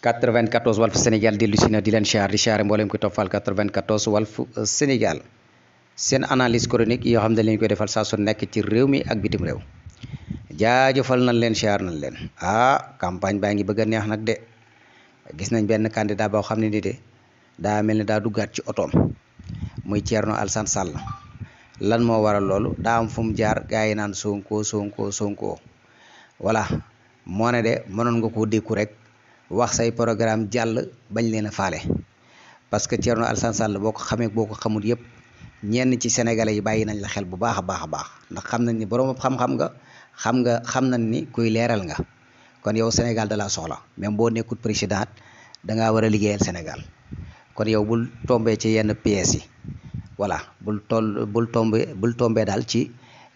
94 Walf Sénégal dellu si na di leen siyaar di siyaare mboolem ko toppal 94 Walf Sénégal seen analyse chronique yoo xam ne lañ koy defal saa su nekk ci réew mi ak bitim réew jaajëfal na leen chair nañ leen ah campagne baa ngi bëgg a neex nag de gis nañ benn candidat boo xam ne ni de daa mel ni daa duggaat ci otoom muy Thierno Alassane Sall lan moo waral loolu daa am fu mu jaar gaa yi naan Sonko Sonko Sonko voilà moo ne de mënoon nga koo dékku rek. wax say programme jàll bañ leen a faale parce que Thierno Alassane la boo ko xamee boo ko xamul yëpp ñenn ci sénégalais yi bàyyi nañ la xel bu baax a baax a baax ndax xam nañ ni borom xam-xam nga xam nga xam nañ ni kuy leeral nga kon yow Sénégal da laa soxla même boo nekkul président da ngaa war a liggéeyal senegal kon yow bul tombee ci yenn pièces yi voilà bul toll bul tombé daal ci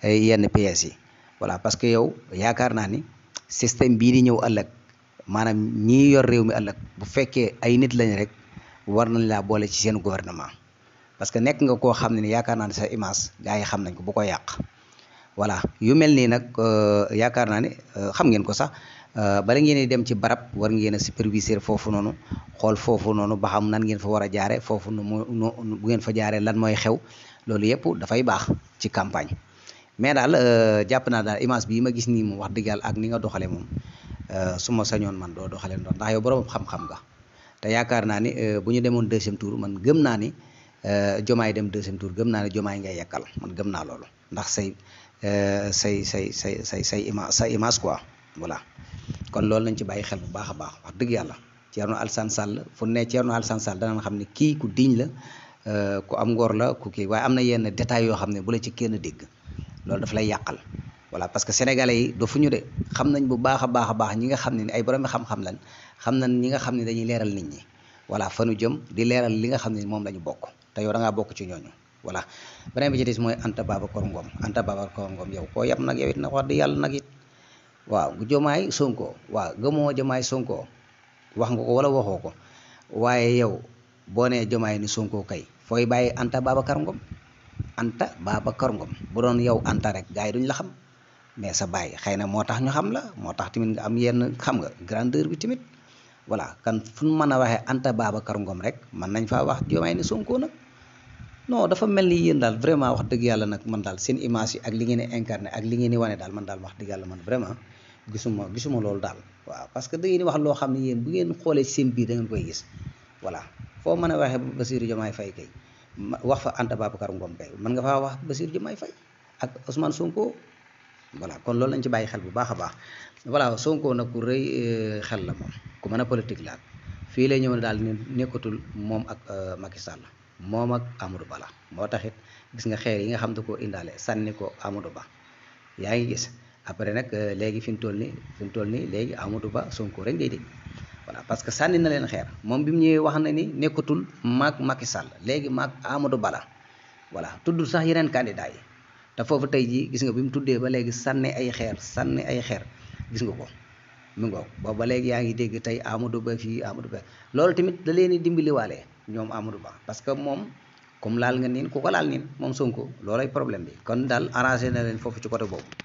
eh, yenn pièces yi voilà parce que yow yaakaar naa ni système bii di ñëw ëllëg. maanaam ñii yor réew mi ëllëg bu fekkee ay nit lañ rek war nañ laa boole ci seen gouvernement parce que nekk nga koo xam ne ni yaakaar naa ne sa image gaa yi xam nañ ko bu ko yàq voilà yu mel nii nag euh, yaakaar naa ne euh, xam ngeen ko sax euh, bala ngeen dem ci barab war ngeen a foofu noonu xool foofu noonu ba xam nan ngeen fa war a jaare foofu nu mu bu ngeen fa jaaree lan mooy xew loolu yëpp dafay baax ci campagne mais daal jàpp naa daal image bii ma gis nii mu wax dëgg ak ni nga doxalee moom Euh, su ma sañoon man doo doxalee noonu ndax yow borom xam-xam nga te yaakaar naa ni euh, bu ñu demoon deuxième tour man gëm naa ni jomaay euh, dem deuxième tour gëm naa ni jomaay ngay yekkal man gëm naa loolu ndax say say say say say say image sa image quoi voilà kon loolu nañ ci bàyyi xel bu baax a baax wax dëgg yàlla Thierno Alassane Sall fu ne Thierno Alassane Sall danañ xam ne kii ku diiñ la ku am ngor la ku kii waaye am na yenn détails yoo xam ne bu la ci kenn dégg loolu daf lay yàqal voilà parce que sénégalais yi do fu ñu de xam nañ bu baax a baax a baax ñi nga xam ne ni ay borom xam-xam lan xam nañ ñi nga xam ne dañuy leeral nit ñi voilà fa nu jëm di leeral li nga xam ne moom la ñu bokk te yow da bokk ci ñooñu voilà beneen bi ci des mooy Anta Babacar Ngom Anta Babacar Ngom yow koo yam nag yow it nag wax di yàlla it waaw jomaay Sonko waaw gëmoo jomaay Sonko wax nga ko wala waxoo ko waaye yow boo nee jomaay ni Sonko kay fooy bàyyi Anta Babacar Ngom Anta Babacar Ngom bu doon yow Anta rek gars yi duñ la xam. mais sa baay xëy na moo tax ñu xam la moo tax tamit nga am yenn xam nga grandeur bi tamit voilà kan fu ñu mën a waxee Anta Babacar Ngom rek mën nañ faa wax Diomaye ne Sonko nag non dafa mel ni yéen daal vraiment wax dëgg yàlla nag man daal seen image ak li ngeen di ak li ngeen di wane daal man daal wax dëgg yàlla man vraiment gisuma gisuma loolu daal waaw parce que da ngeen wax loo xam ne yéen bu ngeen xoolee seen biir da ngeen koy gis voilà foo mën a waxee Bassirou Diomaye Faye kay wax fa Anta Babacar Ngom kay mën nga faa wax Bassirou Diomaye Faye ak Ousmane Sonko voilà kon loolu lañ ci bàyyi xel bu baax a baax voilà sonkoo nag ku rëy euh, xel la moom ku man a politique la fii lay ñëw na daal nekkatul moom ak euh, Macky Sall moom ak Amadou Ba la moo gis nga xeer yi nga xam da koo indaale sànni ko Amadou Ba yaa ngi gis après nag euh, léegi fi mu toll nii fi mu toll nii léegi Amadou Ba Sonko rek ngay dégg parce que sànni na leen xeer moom bi mu ñëwee wax na ni nekkatul maag Macky Sall léegi maag Amadou Ba la voilà tuddul sax yeneen candidat yi. te foofu tey jii gis nga bi mu tuddee ba léegi sànni ay xeer sànni ay xeer gis nga ko mu ngoog boobu ba léegi yaa ngi dégg tey Amadou Ba fii Amadou Ba loolu tamit da leen di dimbaliwaale ñoom Amadou Ba parce que moom comme laal nga niin ku ko laal niin moom Sonko loolay problème bi kon daal arrangé na leen foofu ci côté boobu.